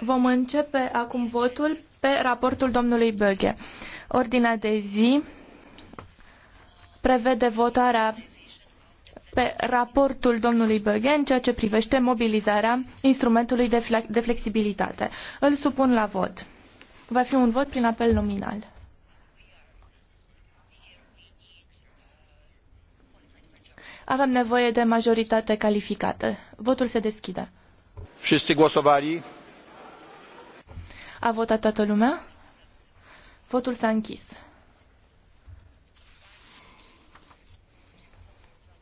Vom începe acum votul pe raportul domnului Böge. Ordinea de zi prevede votarea pe raportul domnului Böge în ceea ce privește mobilizarea instrumentului de flexibilitate. Îl supun la vot. Va fi un vot prin apel nominal. Avem nevoie de majoritate calificată. Votul se deschide. Și głosowali? A votat toată lumea? Votul s-a închis.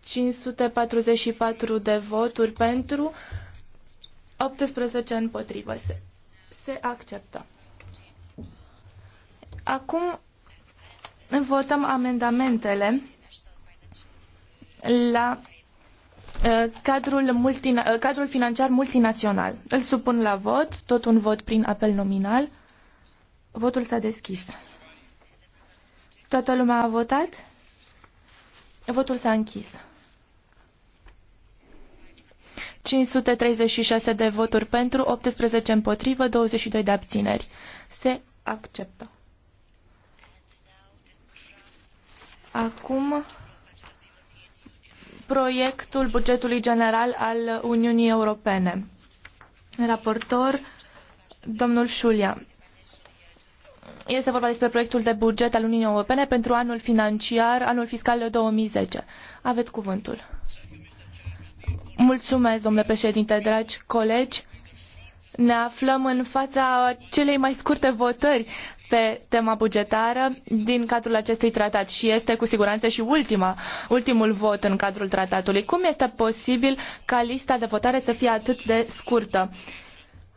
544 de voturi pentru, 18 împotrivă. Se, se acceptă. Acum votăm amendamentele la Uh, cadrul, multina, uh, cadrul financiar multinațional. Îl supun la vot, tot un vot prin apel nominal. Votul s-a deschis. Toată lumea a votat? Votul s-a închis. 536 de voturi pentru, 18 împotrivă, 22 de abțineri. Se acceptă. Acum proiectul bugetului general al Uniunii Europene. Raportor, domnul Șulia. Este vorba despre proiectul de buget al Uniunii Europene pentru anul financiar, anul fiscal 2010. Aveți cuvântul. Mulțumesc, domnule președinte, dragi colegi. Ne aflăm în fața celei mai scurte votări pe tema bugetară din cadrul acestui tratat și este cu siguranță și ultima, ultimul vot în cadrul tratatului. Cum este posibil ca lista de votare să fie atât de scurtă?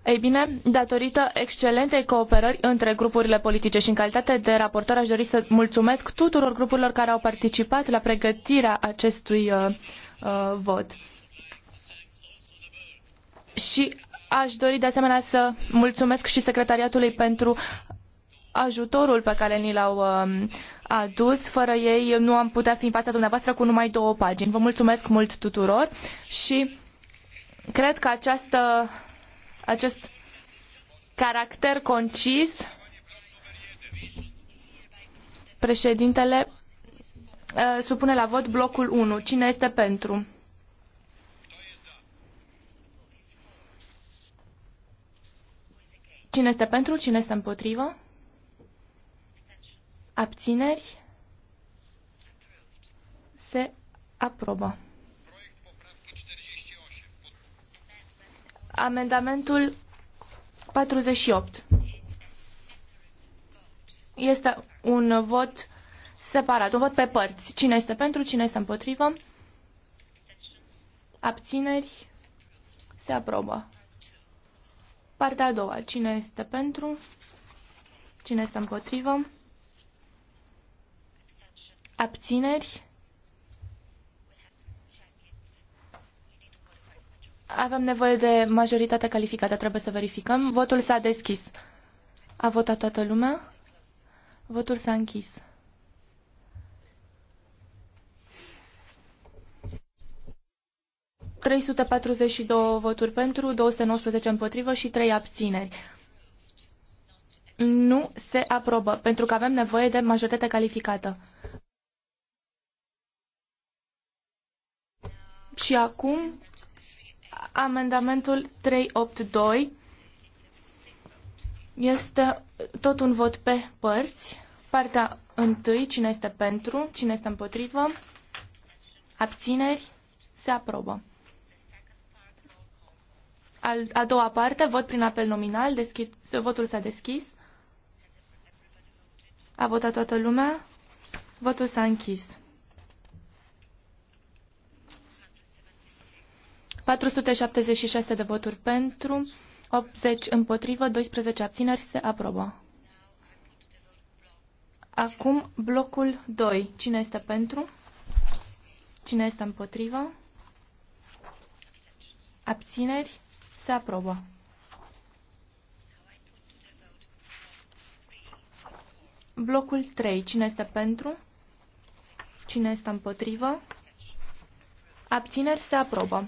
Ei bine, datorită excelentei cooperări între grupurile politice și în calitate de raportor aș dori să mulțumesc tuturor grupurilor care au participat la pregătirea acestui uh, uh, vot. Și aș dori de asemenea să mulțumesc și secretariatului pentru ajutorul pe care ni l-au um, adus. Fără ei nu am putea fi în fața dumneavoastră cu numai două pagini. Vă mulțumesc mult tuturor și cred că această, acest caracter concis președintele uh, supune la vot blocul unu. Cine este pentru? Cine este pentru? Cine este împotrivă? Abțineri? Se aprobă. Amendamentul 48. Este un vot separat, un vot pe părți. Cine este pentru, cine este împotrivă? Abțineri? Se aprobă. Partea a doua. Cine este pentru? Cine este împotrivă? Abțineri? Avem nevoie de majoritate calificată, trebuie să verificăm. Votul s-a deschis. A votat toată lumea? Votul s-a închis. ...342 voturi pentru, 219 împotrivă și 3 abțineri. Nu se aprobă, pentru că avem nevoie de majoritate calificată. Și acum amendamentul 382 este tot un vot pe părți. Partea întâi, cine este pentru, cine este împotrivă, abțineri, se aprobă. Al, a doua parte, vot prin apel nominal, deschid, votul s-a deschis. A votat toată lumea, votul s-a închis. 476 de voturi pentru, 80 împotrivă, 12 abțineri se aprobă. Acum blocul 2. Cine este pentru? Cine este împotrivă? Abțineri se aprobă. Blocul 3. Cine este pentru? Cine este împotrivă? Abțineri se aprobă.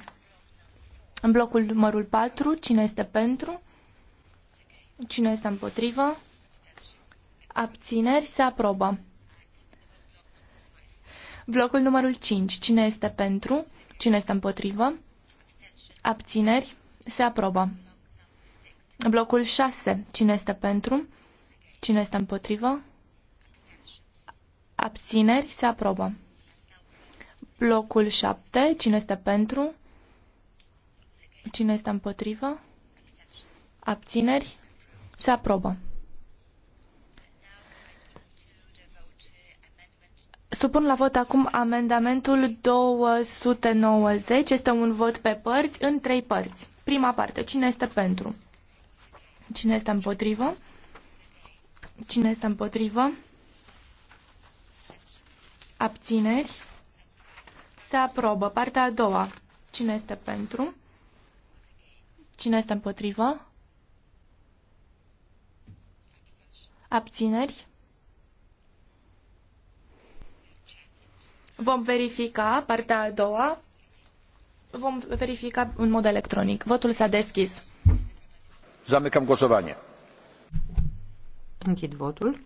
În blocul numărul 4, cine este pentru? Cine este împotrivă? Abțineri se aprobă. Blocul numărul 5. Cine este pentru? Cine este împotrivă? Abțineri se aprobă. Blocul 6. Cine este pentru? Cine este împotrivă? Abțineri se aprobă. Blocul 7. Cine este pentru? Cine este împotrivă? Abțineri? Se aprobă. Supun la vot acum amendamentul 290. Este un vot pe părți, în trei părți. Prima parte. Cine este pentru? Cine este împotrivă? Cine este împotrivă? Abțineri? Se aprobă. Partea a doua. Cine este pentru? Cine este împotrivă? Abțineri? Vom verifica partea a doua. Vom verifica în mod electronic. Votul s-a deschis. Zamecam głosowanie. Închid votul.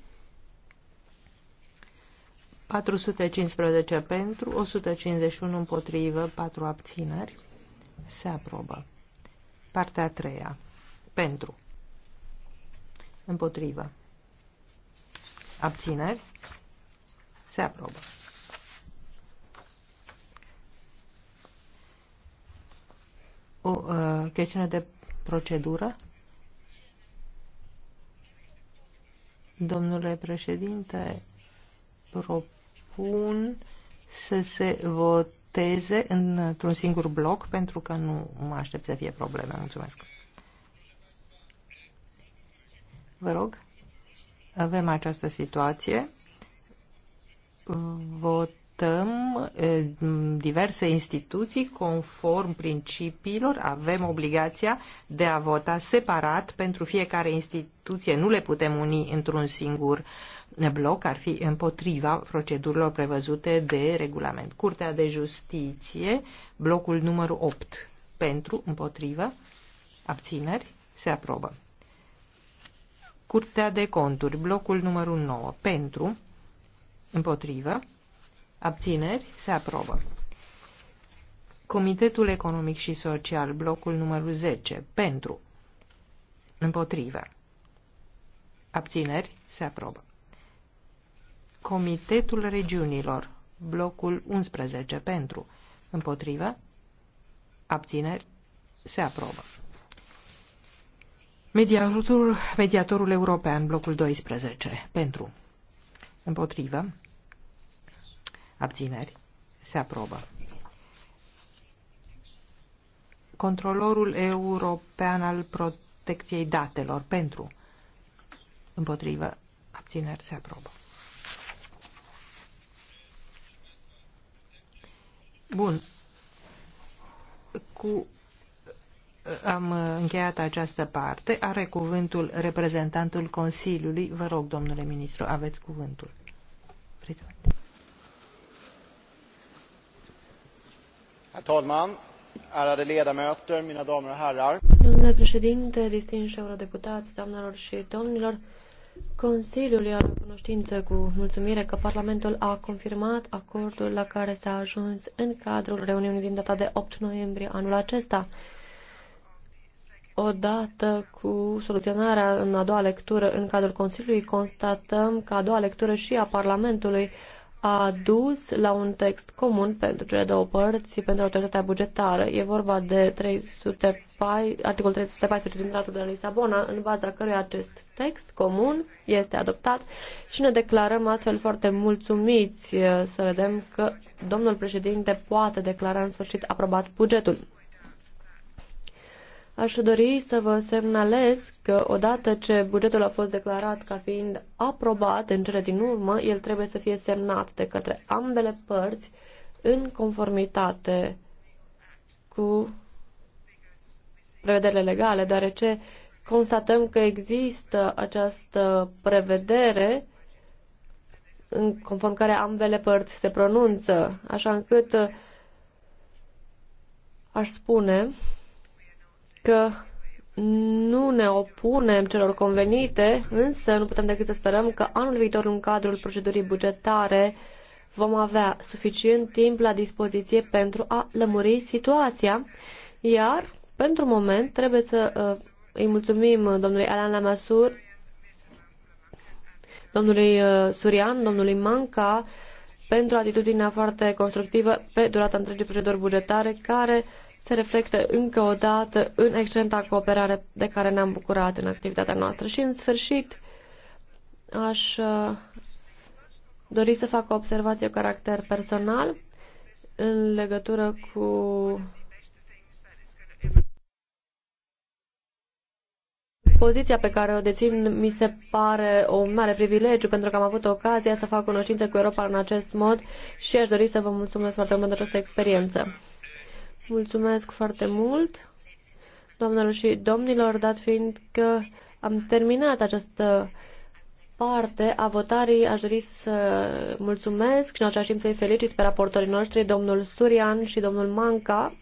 415 pentru, 151 împotrivă, 4 abțineri. Se aprobă. Partea a treia. Pentru. Împotrivă. Abțineri. Se aprobă. O uh, chestiune de procedură. Domnule președinte, propun să se vote teze într-un singur bloc, pentru că nu mă aștept să fie probleme. Mulțumesc. Vă rog, avem această situație. Vot dotăm diverse instituții conform principiilor, avem obligația de a vota separat pentru fiecare instituție, nu le putem uni într-un singur bloc, ar fi împotriva procedurilor prevăzute de regulament. Curtea de Justiție, blocul numărul 8, pentru, împotrivă, abțineri, se aprobă. Curtea de Conturi, blocul numărul 9, pentru, împotrivă, Abțineri? Se aprobă. Comitetul Economic și Social, blocul numărul 10, pentru. Împotrivă. Abțineri? Se aprobă. Comitetul Regiunilor, blocul 11, pentru. Împotrivă. Abțineri? Se aprobă. Mediatorul, mediatorul european, blocul 12, pentru. Împotrivă. Abțineri. Se aprobă. Controlorul European al Protecției Datelor pentru împotrivă abțineri se aprobă. Bun. Cu am încheiat această parte. Are cuvântul reprezentantul Consiliului. Vă rog, domnule ministru, aveți cuvântul. Vreți? Domnule președinte, distinși eurodeputați, doamnelor și domnilor, Consiliul ia cunoștință cu mulțumire că Parlamentul a confirmat acordul la care s-a ajuns în cadrul reuniunii din data de 8 noiembrie anul acesta odată cu soluționarea în a doua lectură în cadrul Consiliului, constatăm că a doua lectură și a Parlamentului a dus la un text comun pentru cele două părți, pentru autoritatea bugetară. E vorba de 304, articolul 314 din Tratatul de la Lisabona, în baza căruia acest text comun este adoptat și ne declarăm astfel foarte mulțumiți uh, să vedem că domnul președinte poate declara în sfârșit aprobat bugetul. Aș dori să vă semnalez că odată ce bugetul a fost declarat ca fiind aprobat în cele din urmă, el trebuie să fie semnat de către ambele părți în conformitate cu prevederile legale, deoarece constatăm că există această prevedere în conform care ambele părți se pronunță, așa încât aș spune că nu ne opunem celor convenite, însă nu putem decât să sperăm că anul viitor, în cadrul procedurii bugetare, vom avea suficient timp la dispoziție pentru a lămuri situația, iar, pentru moment, trebuie să uh, îi mulțumim domnului Alan Lamasur, domnului uh, Surian, domnului Manca, pentru atitudinea foarte constructivă pe durata întregii proceduri bugetare, care se reflectă încă o dată în excelenta cooperare de care ne-am bucurat în activitatea noastră. Și, în sfârșit, aș uh, dori să fac o observație cu caracter personal în legătură cu poziția pe care o dețin mi se pare un mare privilegiu pentru că am avut ocazia să fac cunoștințe cu Europa în acest mod și aș dori să vă mulțumesc foarte mult pentru această experiență. Mulțumesc foarte mult, doamnelor și domnilor, dat fiind că am terminat această parte a votării, aș dori să mulțumesc și în același timp să-i felicit pe raportorii noștri, domnul Surian și domnul Manca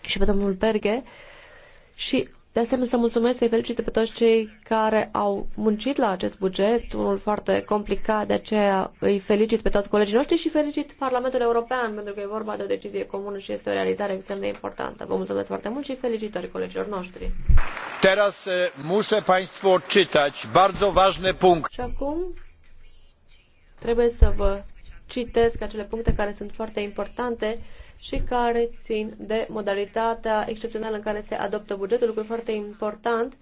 și pe domnul Berge și de asemenea, să mulțumesc, și i felicit pe toți cei care au muncit la acest buget, unul foarte complicat, de aceea îi felicit pe toți colegii noștri și felicit Parlamentul European, pentru că e vorba de o decizie comună și este o realizare extrem de importantă. Vă mulțumesc foarte mult și felicitări colegilor noștri. Teraz muszę Państwu odczytać bardzo ważny punkt. Și acum trebuie să vă citesc acele puncte care sunt foarte importante și care țin de modalitatea excepțională în care se adoptă bugetul, lucru foarte important,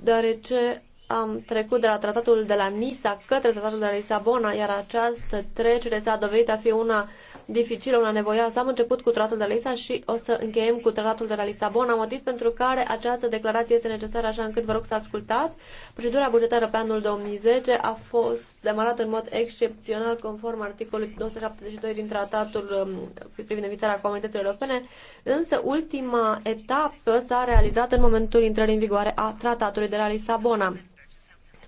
deoarece am trecut de la tratatul de la Nisa către tratatul de la Lisabona, iar această trecere s-a dovedit a fi una dificilă, una nevoioasă. Am început cu tratatul de la Lisa și o să încheiem cu tratatul de la Lisabona, motiv pentru care această declarație este necesară așa încât vă rog să ascultați. Procedura bugetară pe anul 2010 a fost demarată în mod excepțional conform articolului 272 din tratatul um, privind invitarea comunităților Europene, însă ultima etapă s-a realizat în momentul intrării în vigoare a tratatului de la Lisabona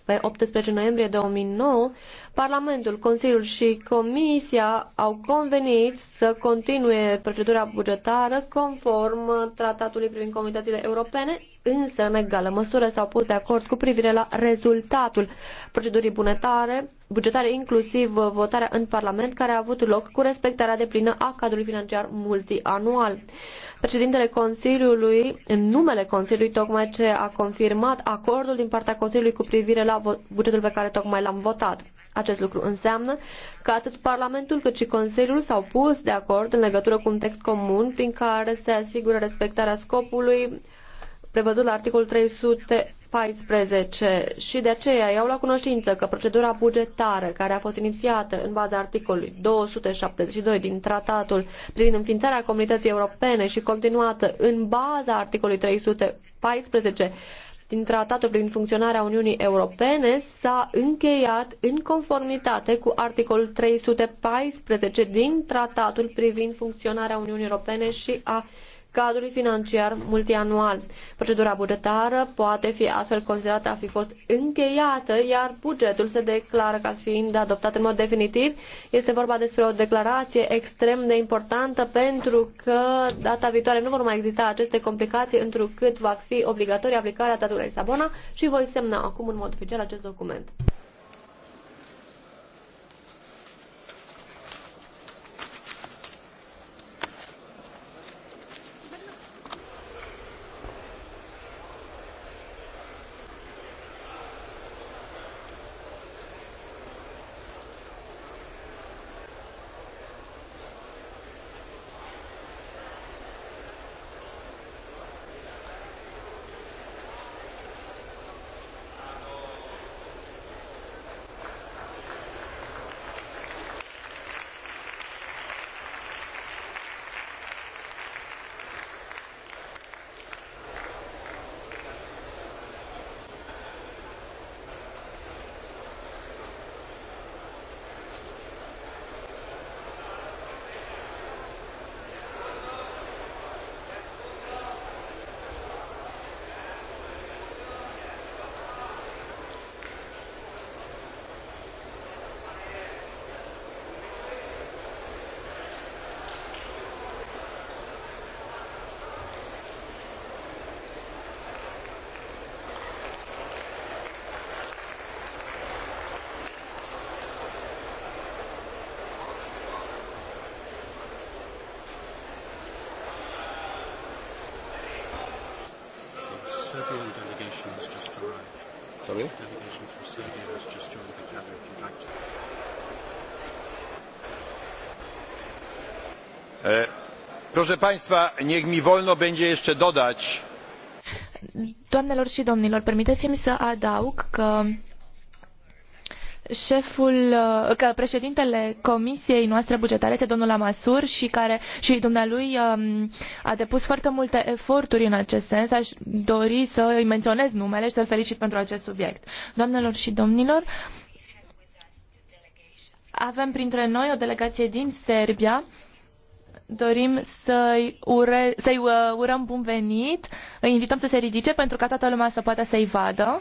pe 18 noiembrie 2009, Parlamentul, Consiliul și Comisia au convenit să continue procedura bugetară conform tratatului privind comunitățile europene, însă în egală măsură s-au pus de acord cu privire la rezultatul procedurii bunetare bugetare, inclusiv uh, votarea în Parlament, care a avut loc cu respectarea deplină a cadrului financiar multianual. Președintele Consiliului, în numele Consiliului, tocmai ce a confirmat acordul din partea Consiliului cu privire la bugetul pe care tocmai l-am votat. Acest lucru înseamnă că atât Parlamentul cât și Consiliul s-au pus de acord în legătură cu un text comun prin care se asigură respectarea scopului prevăzut la articolul 300 2014 și de aceea iau la cunoștință că procedura bugetară care a fost inițiată în baza articolului 272 din tratatul privind înființarea comunității europene și continuată în baza articolului 314 din tratatul privind funcționarea Uniunii Europene s-a încheiat în conformitate cu articolul 314 din tratatul privind funcționarea Uniunii Europene și a cadrului financiar multianual. Procedura bugetară poate fi astfel considerată a fi fost încheiată, iar bugetul se declară ca fiind adoptat în mod definitiv. Este vorba despre o declarație extrem de importantă pentru că data viitoare nu vor mai exista aceste complicații, întrucât va fi obligatorie aplicarea statului Sabona și voi semna acum în mod oficial acest document. Proszę Państwa, niech mi wolno będzie jeszcze dodać. Doamnelor și domnilor, permiteți-mi să adaug că șeful, că președintele comisiei noastre bugetare este domnul Amasur și care și dumnealui um, a depus foarte multe eforturi în acest sens. Aș dori să îi menționez numele și să-l felicit pentru acest subiect. Doamnelor și domnilor, avem printre noi o delegație din Serbia dorim să-i, ure, să uh, urăm bun venit, îi invităm să se ridice pentru ca toată lumea să poată să-i vadă.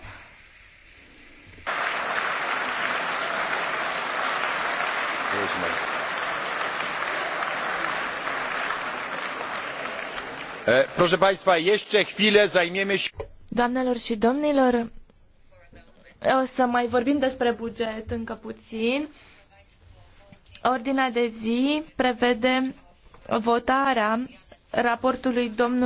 Proszę Państwa, jeszcze chwilę zajmiemy się... Doamnelor și domnilor, o să mai vorbim despre buget încă puțin. Ordinea de zi prevede votarea raportului domnului